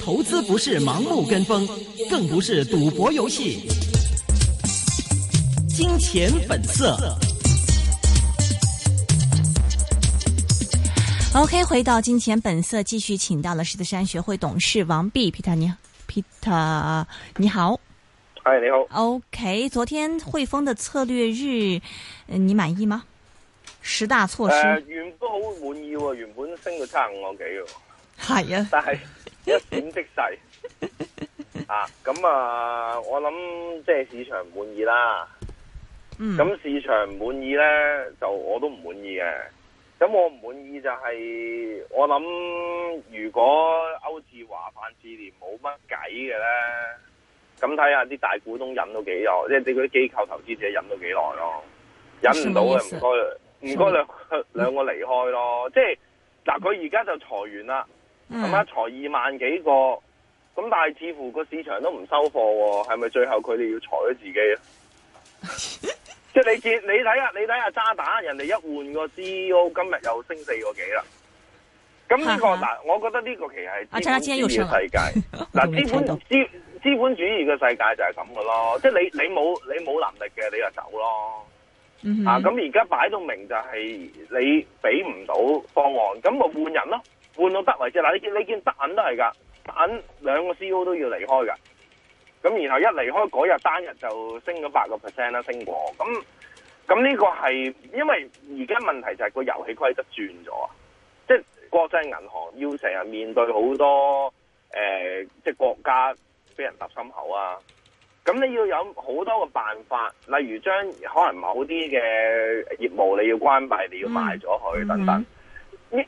投資不是盲目跟風，更不是賭博遊戲。金錢本色。OK，回到金錢本色，繼續請到了獅子山學會董事王弼皮特尼。皮特，你好。嗨，你好。OK，昨天匯豐的策略日，你滿意嗎？十大措施，呃、原本好滿意，原本升到差五個幾，係 啊，但係一閃即逝啊，咁、嗯、啊，我諗即係市場滿意啦，咁市場滿意咧，就我都唔滿意嘅，咁我唔滿意就係、是、我諗，如果歐志華、范志廉冇乜計嘅咧，咁睇下啲大股東忍到幾耐，即係啲嗰啲機構投資者忍到幾耐咯，忍唔到嘅唔該。唔該，兩兩個離開咯，即係嗱，佢而家就裁員啦，咁啊裁二萬幾個，咁但係似乎個市場都唔收貨，係咪最後佢哋要裁咗自己 啊？即係你見你睇下，你睇下渣打，人哋一換個 CEO，今日又升四個幾啦。咁呢、這個嗱， 我覺得呢個其實係資本主義世界嗱，資 本資資本主義嘅世界就係咁噶咯，即係你你冇你冇能力嘅，你就走咯。Mm-hmm. 啊！咁而家擺到明就係你俾唔到方案，咁咪換人咯，換到得為止。嗱，你見你見德銀都係噶，德銀兩個 CEO 都要離開噶，咁然後一離開嗰日單日就升咗八個 percent 啦，升過。咁咁呢個係因為而家問題就係個遊戲規則轉咗啊！即係國際銀行要成日面對好多誒，呃，即係國家俾人搭心口啊！咁你要有好多嘅辦法，例如將可能某啲嘅業務你要關閉，你要賣咗佢等等。Mm -hmm.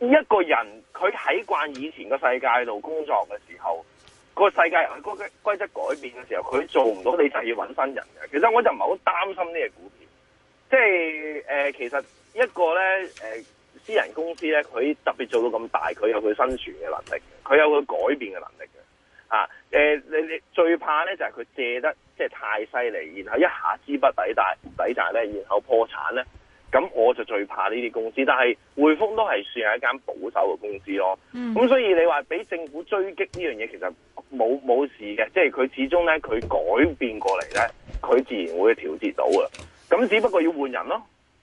一一個人佢喺慣以前個世界度工作嘅時候，個世界個規則改變嘅時候，佢做唔到，你就要揾新人嘅。其實我就唔係好擔心呢隻股票，即係、呃、其實一個咧、呃、私人公司咧，佢特別做到咁大，佢有佢生存嘅能力，佢有佢改變嘅能力。啊，誒、呃，你你最怕咧就係、是、佢借得即係、就是、太犀利，然後一下資不抵債，抵債咧，然後破產咧，咁我就最怕呢啲公司。但係匯豐都係算係一間保守嘅公司咯。咁、嗯、所以你話俾政府追擊呢樣嘢，其實冇冇事嘅，即係佢始終咧佢改變過嚟咧，佢自然會調節到啊。咁只不過要換人咯。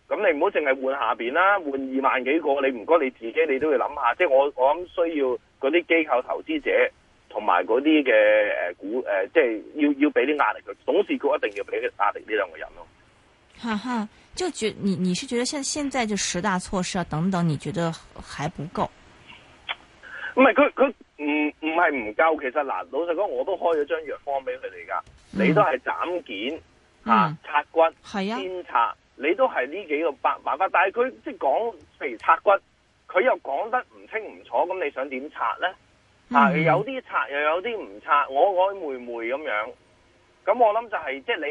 咁你唔好淨係換下邊啦，換二萬幾個，你唔該你自己你都要諗下，即係我我諗需要嗰啲機構投資者。同埋嗰啲嘅誒股誒，即係要要俾啲壓力佢，董事局一定要俾啲壓力呢兩個人咯。哈、啊、哈，就覺你你是覺得，像現在就十大措施啊等等，你覺得還不夠？唔係佢佢唔唔係唔夠，其實嗱，老實講，我都開咗張藥方俾佢哋噶，你都係斬件、嗯，啊，拆骨，嗯、先拆，是啊、你都係呢幾個辦辦法，但係佢即係講，譬如拆骨，佢又講得唔清唔楚，咁你想點拆咧？Mm-hmm. 啊！有啲拆又有啲唔拆，我我妹妹咁樣。咁我諗就係、是，即係你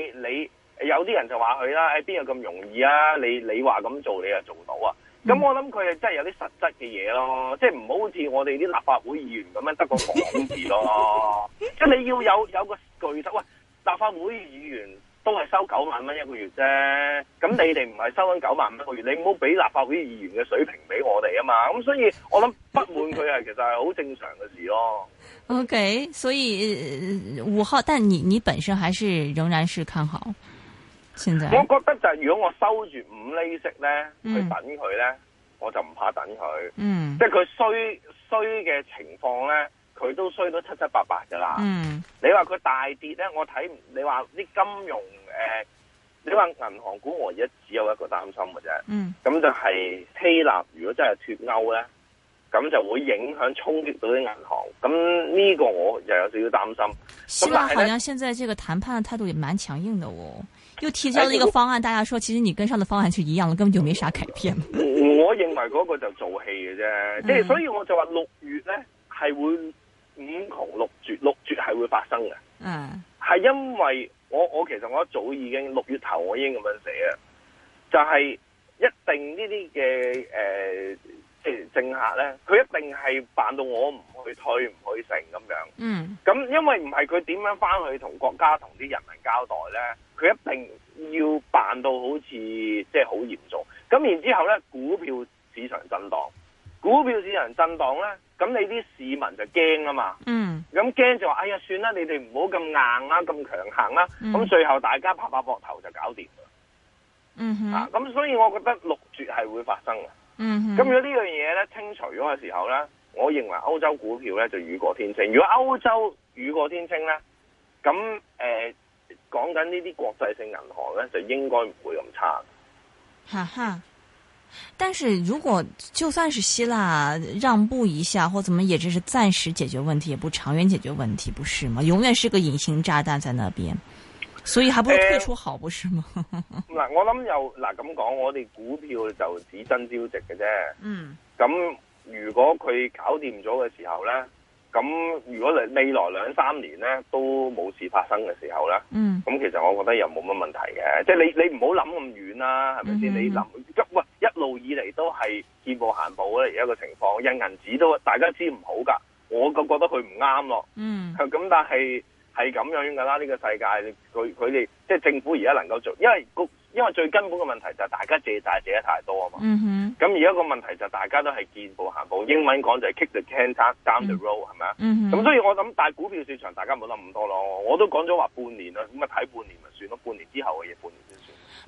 你有啲人就話佢啦，誒、哎、邊有咁容易啊？你你話咁做你又做到啊？咁我諗佢係真係有啲實質嘅嘢咯，即係唔好好似我哋啲立法會議員咁樣得個講字咯。 即係你要有有個具體，喂立法會議員，都係收九萬蚊一個月啫，咁你哋唔係收緊九萬蚊一個月，你唔好俾立法會議員嘅水平俾我哋啊嘛！咁所以，我諗不滿佢係其實係好正常嘅事咯。OK，所以五號，但係你你本身還是仍然是看好，現在我覺得就係如果我收住五厘息咧，去等佢咧，嗯，我就唔怕等佢。嗯，即係佢衰衰嘅情況咧。佢都衰到七七八八噶啦、嗯，你話佢大跌咧，我睇你話啲金融誒、呃，你話銀行股我而家只有一個擔心嘅啫，咁、嗯、就係希臘如果真係脫歐咧，咁就會影響衝擊到啲銀行，咁呢個我又有少少擔心。希臘，好像現在這個談判嘅態度也蠻強硬的哦，又提交了一個方案，哎、大家說其實你跟上的方案就一樣，根本就沒啥改變我。 我認為嗰個就做戲嘅啫，即、嗯、係所以我就話六月咧係會五窮六絕，六絕係會發生嘅。嗯，係因為我我其實我一早已經六月頭我已經咁樣寫啦，就係、是、一定呢啲嘅誒、即、呃、係政客咧，佢一定係扮到我唔去退唔去成咁樣。嗯，咁因為唔係佢點樣翻去同國家同啲人民交代咧，佢一定要扮到好似即係好嚴重。咁然之後咧，股票市場震盪。股票市場震盪咧，咁你啲市民就驚啊嘛，嗯，咁驚就話，哎呀，算啦，你哋唔好咁硬啦，啊，咁強行啦，咁、嗯、最後大家拍拍膊頭就搞掂，嗯哼，咁、啊、所以我覺得六絕係會發生嘅，咁、嗯、如果這呢樣嘢咧清除咗嘅時候咧，我認為歐洲股票咧就雨過天晴，如果歐洲雨過天晴咧，咁誒，講、呃、緊呢啲國際性銀行咧就應該唔會咁差。哈哈。但是如果就算是希臘讓步一下或怎麼，也只是暫時解決問題，也不長遠解決問題，不是嗎？永遠是個隱形炸彈在那邊，所以還不如退出好，呃、不是嗎？嗱，我諗又嗱咁講，我哋股票就只真超值嘅啫。嗯。咁如果佢搞掂咗嘅時候咧，咁如果嚟未來兩三年咧都冇事發生嘅時候咧，嗯。咁其實我覺得又冇乜問題嘅，即係你你唔好諗咁遠啦，係咪先？你諗急啊。是一路以嚟都係見步行步咧，而家個情況印銀紙都大家知唔好噶，我就覺得佢唔啱咯。嗯，咁但係係咁樣噶啦，呢個世界佢佢哋即係政府而家能夠做，因為個因為最根本嘅問題就係大家借債借得太多啊嘛。咁而家個問題就大家都係見步行步，英文講就係 kick the can down the road，係咪啊？嗯，咁所以我諗，但係股票市場大家冇諗咁多咯。我都講咗話半年啦，咁啊睇半年咪算咯，半年之後嘅嘢半年。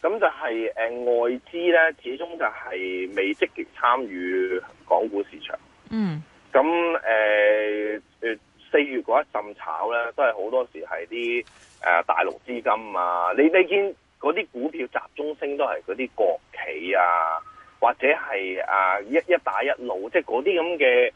咁就係誒外資咧，始終就係未積極參與港股市場。嗯，咁誒，四月嗰一陣炒咧，都係好多時係啲誒大陸資金啊。你你見嗰啲股票集中升，都係嗰啲國企啊，或者係啊一一打一路，即係嗰啲咁嘅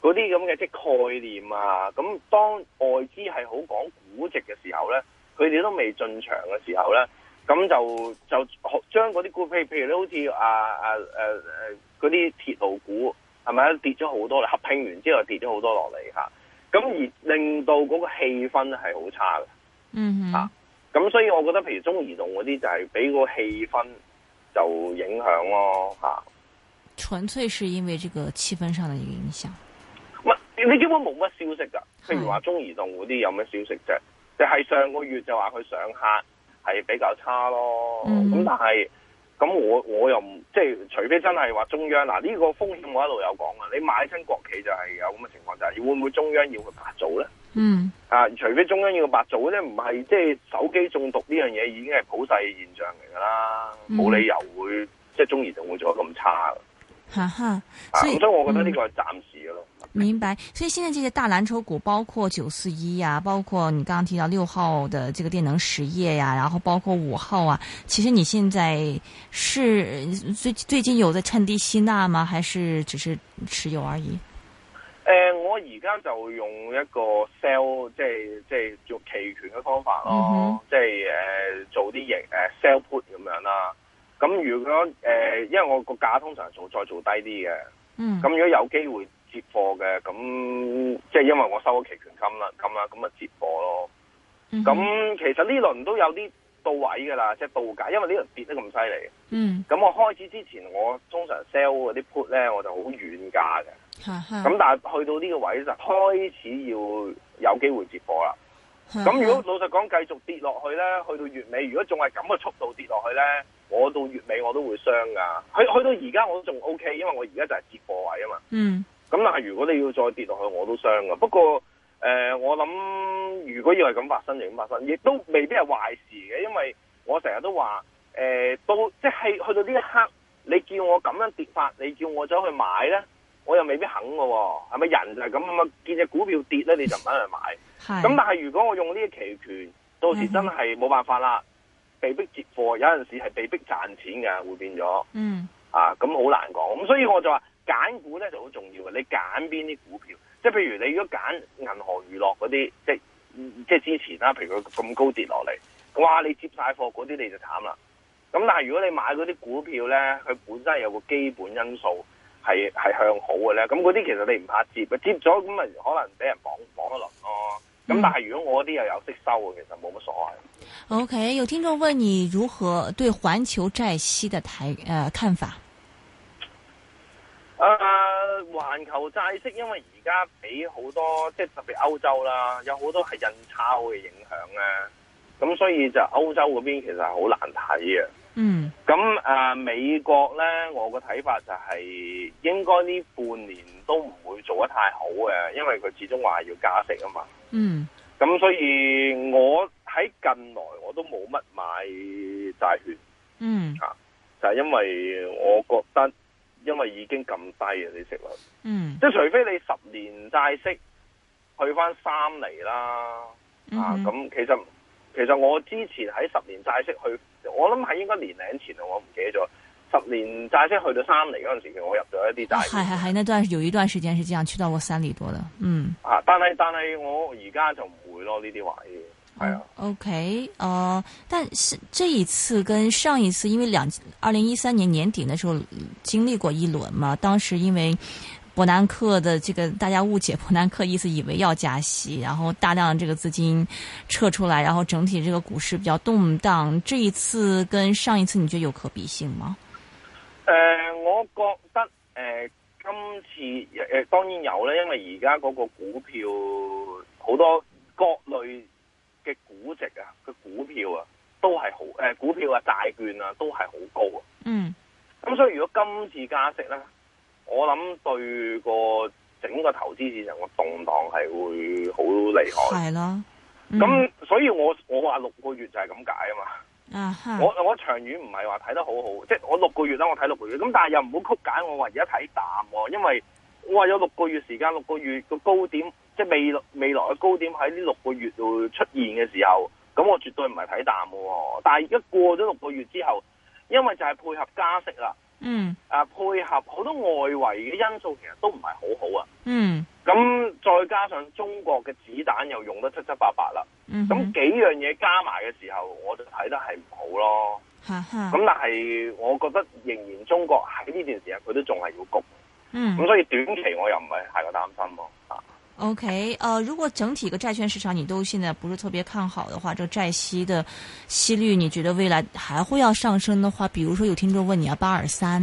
嗰啲咁嘅即係概念啊。咁當外資係好講估值嘅時候咧，佢哋都未進場嘅時候咧。咁就就將嗰啲股票，譬譬如你好似啊啊誒誒嗰啲鐵路股，係咪跌咗好多啦？合併完之後跌咗好多落嚟吓，咁、啊、而令到嗰個氣氛係好差嘅，嗯哼，啊，咁所以我覺得譬如中移動嗰啲就係俾個氣氛就影響咯吓、啊。純粹是因為這個氣氛上的一個影響。唔，你基本冇乜消息噶，譬如話中移動嗰啲有乜消息啫？就係、是、上個月就話佢上客。係比較差咯，咁、嗯、但係咁我我又唔即係，除非真係話中央嗱呢、呢個風險我一路有講啊，你買親國企就係有咁嘅情況就係、是，會唔會中央要佢白做咧？嗯啊，除非中央要佢白做呢，唔係即係手機中毒呢樣嘢已經係普世現象嚟噶啦，冇、嗯、理由會即係中移動會做得咁差噶。哈，哈所以咁、啊嗯、所以我覺得呢個係暫時嘅咯。明白，所以現在這些大藍籌股，包括九四一呀，包括你剛剛提到六號的這個電能實業呀、啊，然後包括五號啊，其實你現在是最最近有在趁低吸納嗎？還是只是持有而已？誒、呃，我而家就用一個 sell 即係即係做期權嘅方法咯，嗯、即係誒、呃、做啲嘢誒 sell put 咁樣啦、啊。咁如果誒、呃、因為我個價通常做再做低啲嘅，咁、嗯、如果有機會。接貨嘅咁，即係因為我收咗期權金啦，咁啦，咁咪接貨咯。咁、mm -hmm. 其實呢輪都有啲到位㗎啦，即係到價，因為呢輪跌得咁犀利。嗯。咁我開始之前，我通常 sell 嗰啲 put 咧，我就好遠價嘅。嚇、mm、咁 -hmm. 但係去到呢個位就開始要有機會接貨啦。咁、mm -hmm. 如果老實講，繼續跌落去咧，去到月尾，如果仲係咁嘅速度跌落去咧，我到月尾我都會傷㗎。去去到而家我都仲 OK，因為我而家就係接貨位啊嘛。嗯、mm -hmm.。咁但係如果你要再跌落去，我都傷㗎。不過，呃、我諗如果要係咁發生，就咁發生，亦都未必係壞事嘅，因為我成日都話、呃，到即係去到呢一刻，你叫我咁樣跌法，你叫我走去買咧，我又未必肯㗎喎、哦。係咪人就係咁啊？見、那、隻、個、股票跌咧，你就唔肯去買。咁但係如果我用呢啲期權，到時真係冇辦法啦，被逼接貨，有陣時係被逼賺錢㗎，會變咗。嗯。啊，咁好難講。咁所以我就話。揀股咧，就好重要嘅，你揀邊啲股票？即係譬如你如果揀銀行、娛樂嗰啲，即係即係之前啦、啊，譬如佢咁高跌落嚟，哇！你接晒貨嗰啲你就慘啦。咁但係如果你買嗰啲股票咧，佢本身有個基本因素係係向好嘅咧，咁嗰啲其實你唔怕接，接咗咁咪可能俾人綁綁一輪咯。咁、哦、但係如果我啲又有息收嘅，其實冇乜所謂。OK，有聽眾問你如何對環球債息嘅睇誒看法？誒，環球債息因為而家俾好多，即係特別歐洲啦，有很多是好多係印鈔嘅影響咧、啊。咁所以就歐洲嗰邊其實係好難睇嘅。嗯。咁誒，美國咧，我個睇法就係應該呢半年都唔會做得太好嘅，因為佢始終話要加息啊嘛。嗯。咁所以，我喺近來我都冇乜買債券。嗯、mm。啊，就係、是、因為我覺得。因為已經咁低啊，啲息率，嗯，即係除非你十年債息去翻三厘啦、嗯，啊，咁其實其實我之前喺十年債息去，我諗係應該年零前啊，我唔記得咗，十年債息去到三厘嗰陣時候，我入咗一啲債。係係係，呢段有一段時間係這樣，去到我三厘多啦，嗯。啊，但係但係我而家就唔會咯，呢啲玩 O、okay, K，、呃、但是這一次跟上一次，因為兩二零一三年年底的時候經歷過一輪嘛，當時因為伯南克的這個大家誤解伯南克意思以為要加息，然後大量這個資金撤出來，然後整體這個股市比較動盪。這一次跟上一次，你覺得有可比性嗎？誒、呃，我覺得誒，今、呃、次誒、呃，當然有啦，因為而家嗰個股票好多各類。估值啊，佢股票啊，都係好誒、欸，股票啊、債券啊，都係好高啊。嗯。咁所以如果今次加息咧，我諗對個整個投資市場個動蕩係會好厲害。係咯。咁、嗯、所以我我話六個月就係咁解啊嘛。嗯、啊。我我長遠唔係話睇得好好，即係我六個月啦，我睇六個月。咁但係又唔好曲解我話而家睇淡、啊、因為我話有六個月時間，六個月個高點。即係未未來嘅高點喺呢六個月會出現嘅時候，咁我絕對唔係睇淡嘅。但係一過咗六個月之後，因為就係配合加息啦，嗯，啊配合好多外圍嘅因素，其實都唔係好好啊，嗯。咁再加上中國嘅子彈又用得七七八八啦，嗯。咁幾樣嘢加埋嘅時候，我就睇得係唔好咯，吓吓。咁但係我覺得仍然中國喺呢段時間佢都仲係要焗，嗯。咁所以短期我又唔係太過擔心咯。OK，呃，如果整體個債券市場你都現在不是特別看好的話，這個債息的息率，你覺得未來還會要上升的話？比如說有聽眾問你啊，八二三，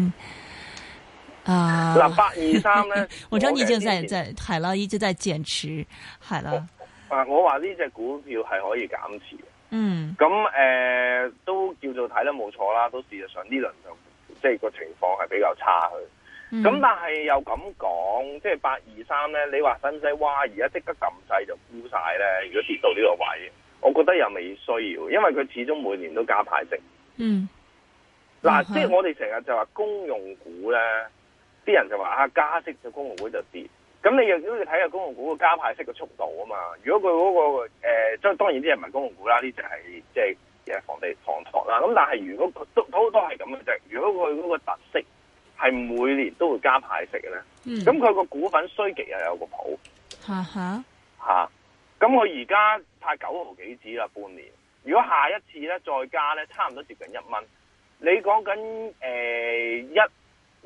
啊，八二三呢？我知你就在在海了，一直在減持海了。啊，我話呢隻股票係可以減持嘅。嗯。咁、嗯、誒，都叫做睇得冇錯啦，都事實上呢輪就即係個情況係比較差去。咁、嗯、但係又咁講，即係八二三咧，你話使唔使哇？而家即刻撳掣就沽晒咧？如果跌到呢個位，我覺得又未需要，因為佢始終每年都加派息。嗯，嗱、啊嗯，即係我哋成日就話公用股咧，啲人就話啊加息公就公用股就跌。咁你又都要睇下公用股個加派息嘅速度啊嘛。如果佢嗰、嗰個誒，即、呃、係當然啲人唔係公用股啦，呢就係即係房地產啦。咁但係如果都好多係咁嘅啫。樣就是、如果佢嗰個特色。係每年都會加派息嘅咧，咁佢個股份衰極又有個譜，嚇嚇嚇，咁佢而家派九毫幾紙啦，半年。如果下一次咧再加咧，差唔多接近一蚊。你講緊誒一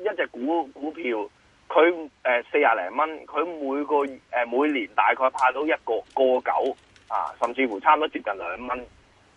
一隻股股票，佢誒四廿零蚊，佢、呃、每個月誒、呃、每年大概派到一個個九啊，甚至乎差唔多接近兩蚊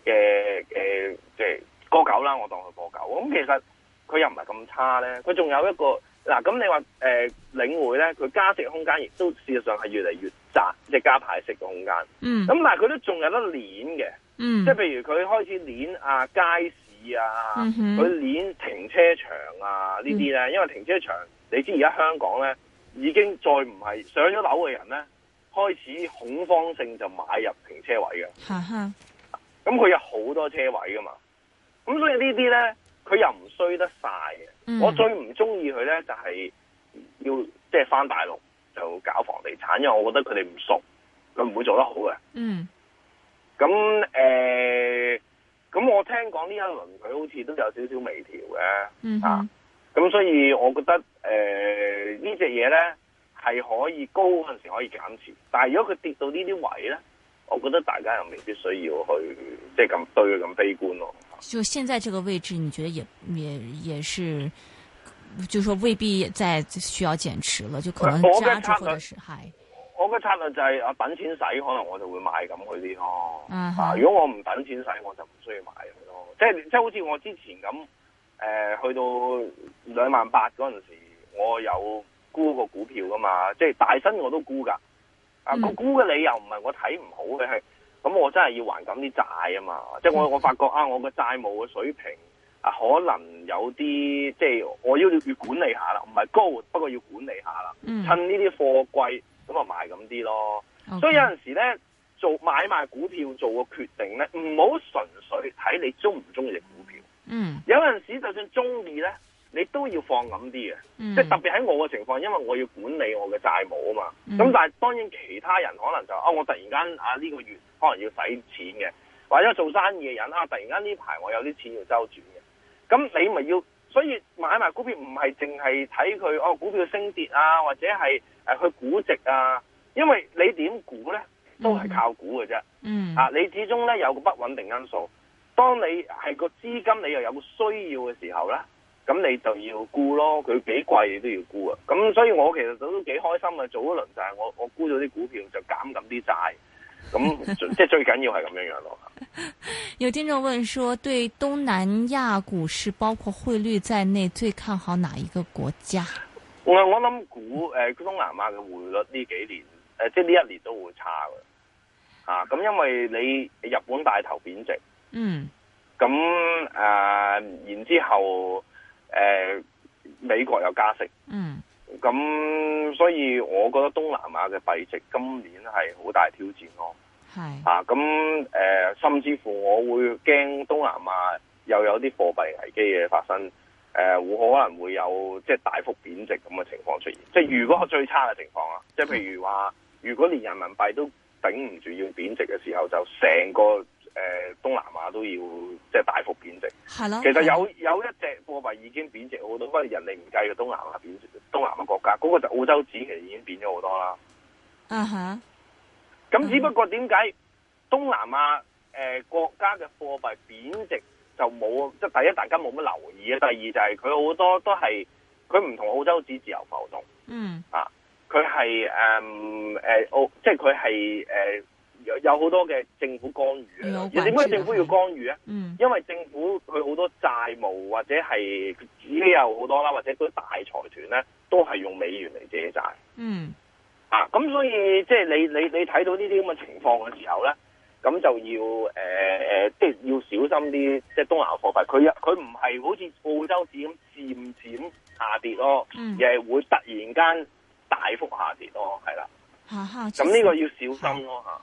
嘅誒，即係個九啦，我當佢個九。咁、嗯、其實。佢又唔係咁差咧，佢仲有一個嗱，咁你話誒、呃、領匯咧，佢加息空間亦都事實上係越嚟越窄，即係加派息嘅空間。嗯，咁但係佢都仲有得攣嘅。嗯，即係譬如佢開始攣啊街市啊，佢、嗯、攣停車場啊這些呢啲咧、嗯，因為停車場你知而家香港咧已經再唔係上咗樓嘅人咧開始恐慌性就買入停車位嘅。咁佢、嗯、有好多車位噶嘛，咁所以這些呢啲咧。佢又唔衰得晒。嘅、嗯，我最唔中意佢咧就係、是、要即係返大陸就搞房地產，因為我覺得佢哋唔熟，佢唔會做得好嘅。嗯，咁誒，咁、呃、我聽講呢一輪佢好似都有少少微調嘅、嗯，啊，咁所以我覺得誒、呃這個、呢隻嘢咧係可以高嗰陣時可以減持，但係如果佢跌到這些置呢啲位咧，我覺得大家又未必需要去即係咁堆咁悲觀咯。就現在這個位置，你覺得也也也是，就是、說未必再需要減持了，就可能揸住，或的時哈。我個策,策略就係啊，等錢使，可能我就會買咁嗰啲咯。嗯、哦。啊，如果我唔等錢使，我就唔需要買佢咯。即係即係好似我之前咁，誒、呃，去到兩萬八嗰陣時，我有沽過股票噶嘛，即、就、係、是、大新我都沽噶。啊，我沽嘅理由唔係我睇唔好嘅係。嗯咁、嗯、我真係要還咁啲債啊嘛，即係我我發覺啊，我個債務嘅水平啊，可能有啲即係我要要管理下啦，唔係高，不過要管理下啦。趁呢啲貨貴咁啊賣咁啲咯。Okay. 所以有陣時呢，做買賣股票做個決定呢，唔好純粹睇你中唔中意股票。嗯。有陣時就算中意呢，要放咁啲嘅，即係特別喺我嘅情況，因為我要管理我嘅債務啊嘛。咁、嗯、但係當然其他人可能就哦，我突然間啊呢、呢個月可能要使錢嘅，或者做生意嘅人啊突然間呢排我有啲錢要周轉嘅。咁你咪要，所以買埋股票唔係淨係睇佢哦，股票升跌啊，或者係誒、啊、去估值啊，因為你點估呢都係靠估嘅啫。嗯啊，你始終呢有個不穩定因素。當你係個資金，你又有個需要嘅時候呢。咁你就要估咯，佢幾貴你都要估啊！咁所以我其實都幾幾開心嘅，早一輪就係我我估咗啲股票就減咁啲債，咁即係最緊 要係咁樣樣咯。 有聽眾問說，對東南亞股市包括匯率在內，最看好哪一個國家？我諗諗估誒，東南亞嘅匯率呢幾年誒、呃，即係呢一年都會差嘅。啊，咁、嗯嗯、因為你日本大頭貶值，嗯，咁、嗯、誒、呃，然之後。誒、呃，美國有加息，嗯，咁所以我覺得東南亞嘅幣值今年係好大挑戰咯，係啊，咁誒、啊呃，甚至乎我會驚東南亞又有啲貨幣危機嘅發生，誒、呃，會可能會有即係、就是、大幅貶值咁嘅情況出現，即係如果最差嘅情況啊、嗯，即係譬如話，如果連人民幣都頂唔住要貶值嘅時候，就成個。誒，東南亞都要即係、就是、大幅貶值，係咯。其實有有一隻貨幣已經貶值好多，人不過人哋唔計嘅。東南亞貶值，東南亞國家嗰、那個就澳洲紙其實已經貶咗好多啦。嗯哼。咁只不過點解東南亞誒、呃、國家嘅貨幣貶值就冇即係第一，大家冇乜留意，第二就係佢好多都係佢唔同澳洲紙自由浮動。嗯、uh -huh.。啊，佢係誒誒澳，即係佢係誒。呃有好多嘅政府干預啊！點、嗯、解政府要干預啊、嗯？因為政府佢好多債務或者係資金有好多啦，或者嗰啲大財團咧都係用美元嚟借債。嗯，啊咁所以即係、就是、你你你睇到呢啲咁嘅情況嘅時候咧，咁就要誒誒，即、呃、係、就是、要小心啲，即、就、係、是、東南貨幣佢佢唔係好似澳洲紙咁漸漸下跌咯，嗯、而係會突然間大幅下跌咯，係啦。咁呢個要小心咯嚇。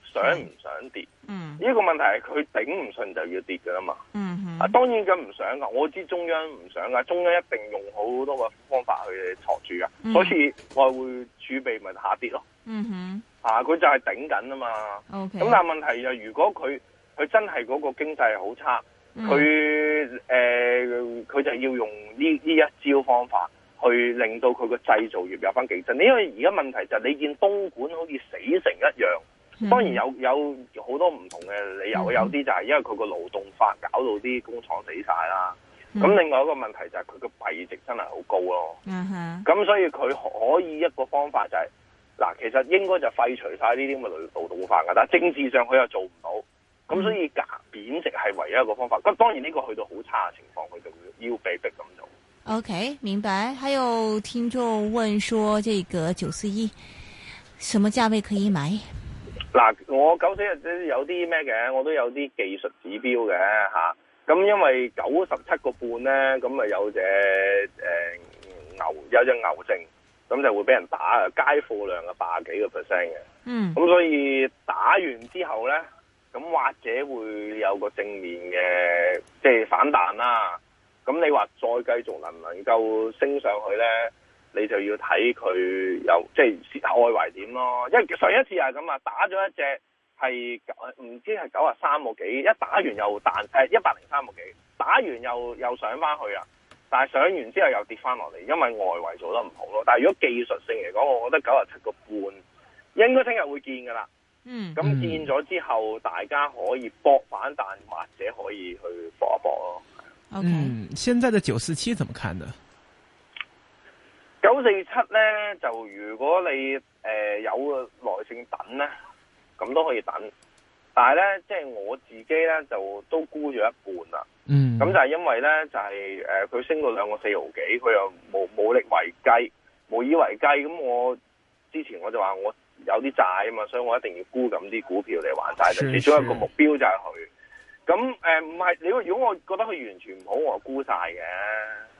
想唔想跌？呢、嗯，這個問題係佢頂唔順就要跌噶啦嘛、嗯。啊，當然佢唔想噶，我知中央唔想噶，中央一定用好多個方法去托住噶、嗯。所以外匯儲備咪下跌咯。嗯、哼啊，佢就係頂緊啊嘛。咁、okay. 但係問題就，如果佢佢真係嗰個經濟好差，佢誒，佢就要用呢呢一招方法去令到佢個製造業有翻競爭力。因為而家問題就係，你見東莞好似死成一樣。當然有有好多唔同嘅理由，嗯、有啲就係因為佢個勞動法搞到啲工廠死晒啦。咁、嗯、另外一個問題就係佢個幣值真係好高咯。咁、嗯、所以佢可以一個方法就係、是、嗱，其實應該就廢除晒呢啲咁嘅勞動法㗎，但係政治上佢又做唔到。咁所以減貶值係唯一一個方法。咁當然呢個去到好差嘅情況，佢就會要被逼咁做。OK，明白。還有聽眾問說：這個九四一什麼價位可以買？嗱，我九四日都有啲咩嘅，我都有啲技術指標嘅。吓。咁、啊、因為九十七個半咧，咁咪有隻誒、呃、牛，有一隻牛證，咁就會俾人打，街貨量啊，八幾個 percent 嘅。嗯。咁所以打完之後咧，咁或者會有個正面嘅，即、就、係、是、反彈啦。咁你話再繼續能唔能夠升上去咧？你就要睇佢有即係外圍點咯，因為上一次係咁啊，打咗一隻係唔知係九啊三個幾，一打完又彈一百零三個幾，打完又又上翻去啊，但係上完之後又跌翻落嚟，因為外圍做得唔好咯。但係如果技術性嚟講，我覺得九啊七個半應該聽日會見噶啦。嗯，咁見咗之後，大家可以搏反彈，或者可以去搏一搏咯，okay. 嗯。現在嘅九四七怎麼看呢？九四七咧，就如果你誒、呃、有耐性等咧，咁都可以等。但係咧，即係我自己咧，就都沽咗一半啦。嗯。咁就係因為咧，就係、是、誒，佢、呃、升過兩個四毫幾，佢又冇冇力為繼，無以為繼。咁我之前我就話我有啲債啊嘛，所以我一定要沽咁啲股票嚟還債。嗯。其中一個目標就係佢。咁誒，唔係你如果我覺得佢完全唔好，我沽晒嘅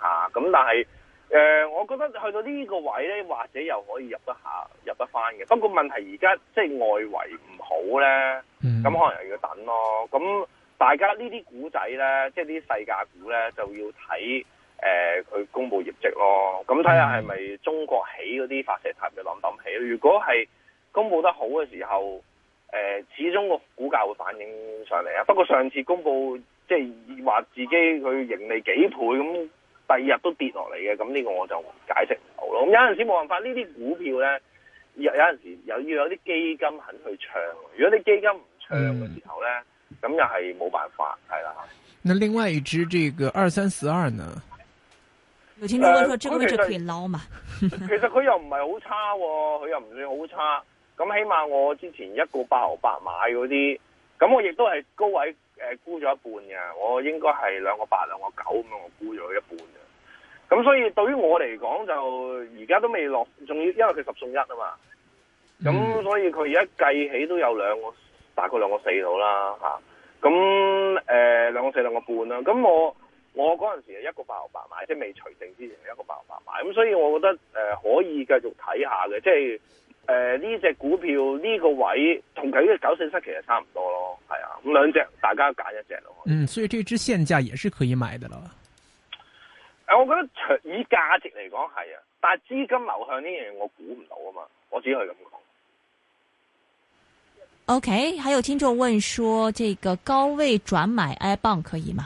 吓。咁、啊、但係。誒、呃，我覺得去到呢個位咧，或者又可以入一下，入得翻嘅。不過問題而家即係外圍唔好咧，咁、嗯、可能又要等咯。咁、嗯、大家這些呢啲股仔咧，即係啲世界股咧，就要睇誒佢公布業績咯。咁睇下係咪中國起嗰啲發射塔要諗諗起。如果係公布得好嘅時候，誒、呃、始終個股價會反映上嚟啊。不過上次公布即係話自己佢盈利幾倍咁。第二日都跌落嚟嘅，咁呢個我就解釋唔到咯。咁有陣時冇辦法，呢啲股票咧，有有陣時又要有啲基金肯去唱。如果啲基金唔唱嘅時候咧，咁又係冇辦法，係啦。那另外一支這個二三四二呢？有聽聽過話追佢就可以撈嘛？其實佢又唔係好差喎，佢又唔算好差。咁起碼我之前一個八毫八買嗰啲，咁我亦都係高位誒沽咗一半嘅。我應該係兩個八兩個九咁樣，我沽咗一半。咁所以對於我嚟講就而家都未落，仲要因為佢十送一啊嘛。咁、嗯、所以佢而家計起都有兩個，大概兩個四到啦吓。咁、啊、誒、呃、兩個四兩個半啦。咁、啊、我我嗰陣時係一個八毫八買，即係未除淨之前一個八毫八買。咁所以我覺得誒、呃、可以繼續睇下嘅，即係誒呢隻股票呢、呢個位同佢嘅九四七其實差唔多咯，係啊。咁兩隻大家揀一隻咯。嗯，所以呢支限價也是可以買嘅咯。我覺得以價值嚟講係啊，但係資金流向呢樣我估唔到啊嘛，我只可以咁講。OK，還有聽眾問說，這個高位轉買 iBond 可以嗎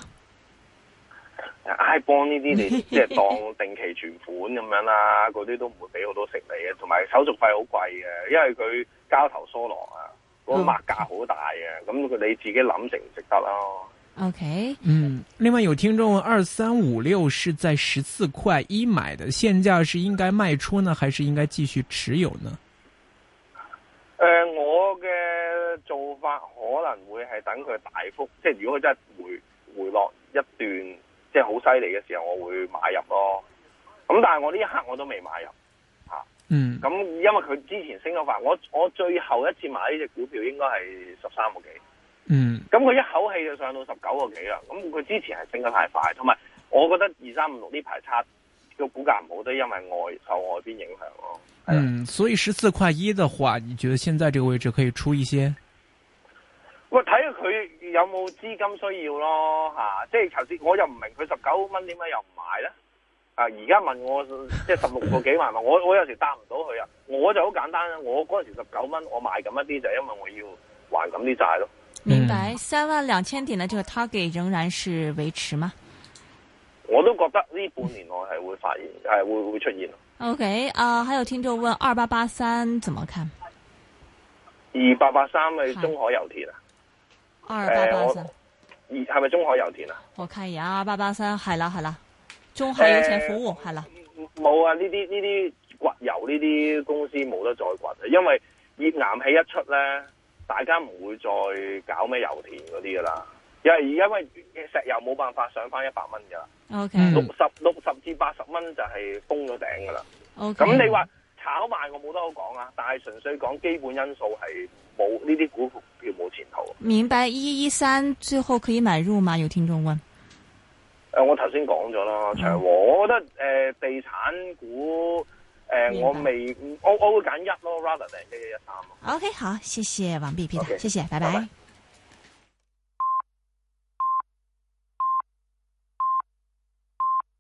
？iBond 呢啲你即係當定期存款咁樣啦，嗰 啲都唔會俾好多息你嘅，同埋手續費好貴嘅，因為佢交投疏落啊，個擘價好大嘅，咁、嗯、佢你自己諗值唔值得咯、啊？OK，嗯，另外有聽眾問二三五六是在十四塊一買的，現價是應該賣出呢，還是應該繼續持有呢？誒、呃，我嘅做法可能會係等佢大幅，即係如果佢真係回回落一段，即係好犀利嘅時候，我會買入咯。咁但係我呢一刻我都未買入，嗯，咁因為佢之前升咗翻，我我最後一次買呢隻股票應該係十三個幾。嗯，咁佢一口氣就上到十九個幾啦，咁佢之前係升得太快，同埋我覺得二三五六呢排差個股價唔好都因為我受我外受外邊影響咯。嗯，所以十四塊一嘅話，你覺得現在這個位置可以出一些？我睇下佢有冇資金需要咯，吓、啊，即係頭先我又唔明佢十九蚊點解又唔買咧？啊，而家問我即係十六個幾萬嘛？ 我我有時答唔到佢啊，我就好簡單啦，我嗰陣時十九蚊我賣咁一啲就是、因為我要還咁啲債咯。明白，三萬兩千點嘅呢個 target 仍然是維持嗎？我都覺得呢半年內係會發現，係會會出現。O K，啊，還有聽眾問二八八三怎麼看？二八八三係中海油田啊。二八八三，二係咪中海油田啊？我看一下、啊，二八八三係啦係啦，中海油田服務係、呃、啦。冇啊，呢啲呢啲掘油呢啲公司冇得再掘，因為頁岩氣一出咧。大家唔會再搞咩油田嗰啲噶啦，因為而家因為石油冇辦法上翻一百蚊噶啦，okay. 六十六十至八十蚊就係封咗頂噶啦。咁、okay. 你話炒賣我冇得好講啊，但係純粹講基本因素係冇呢啲股票冇前途。明白，一一三最後可以買入嗎？有聽眾問。誒、呃，我頭先講咗啦，長和，我覺得誒、呃、地產股。誒，我未 O O 揀一咯，rather than 一、一、一三咯。O K，好，謝謝王弼，謝謝，拜拜。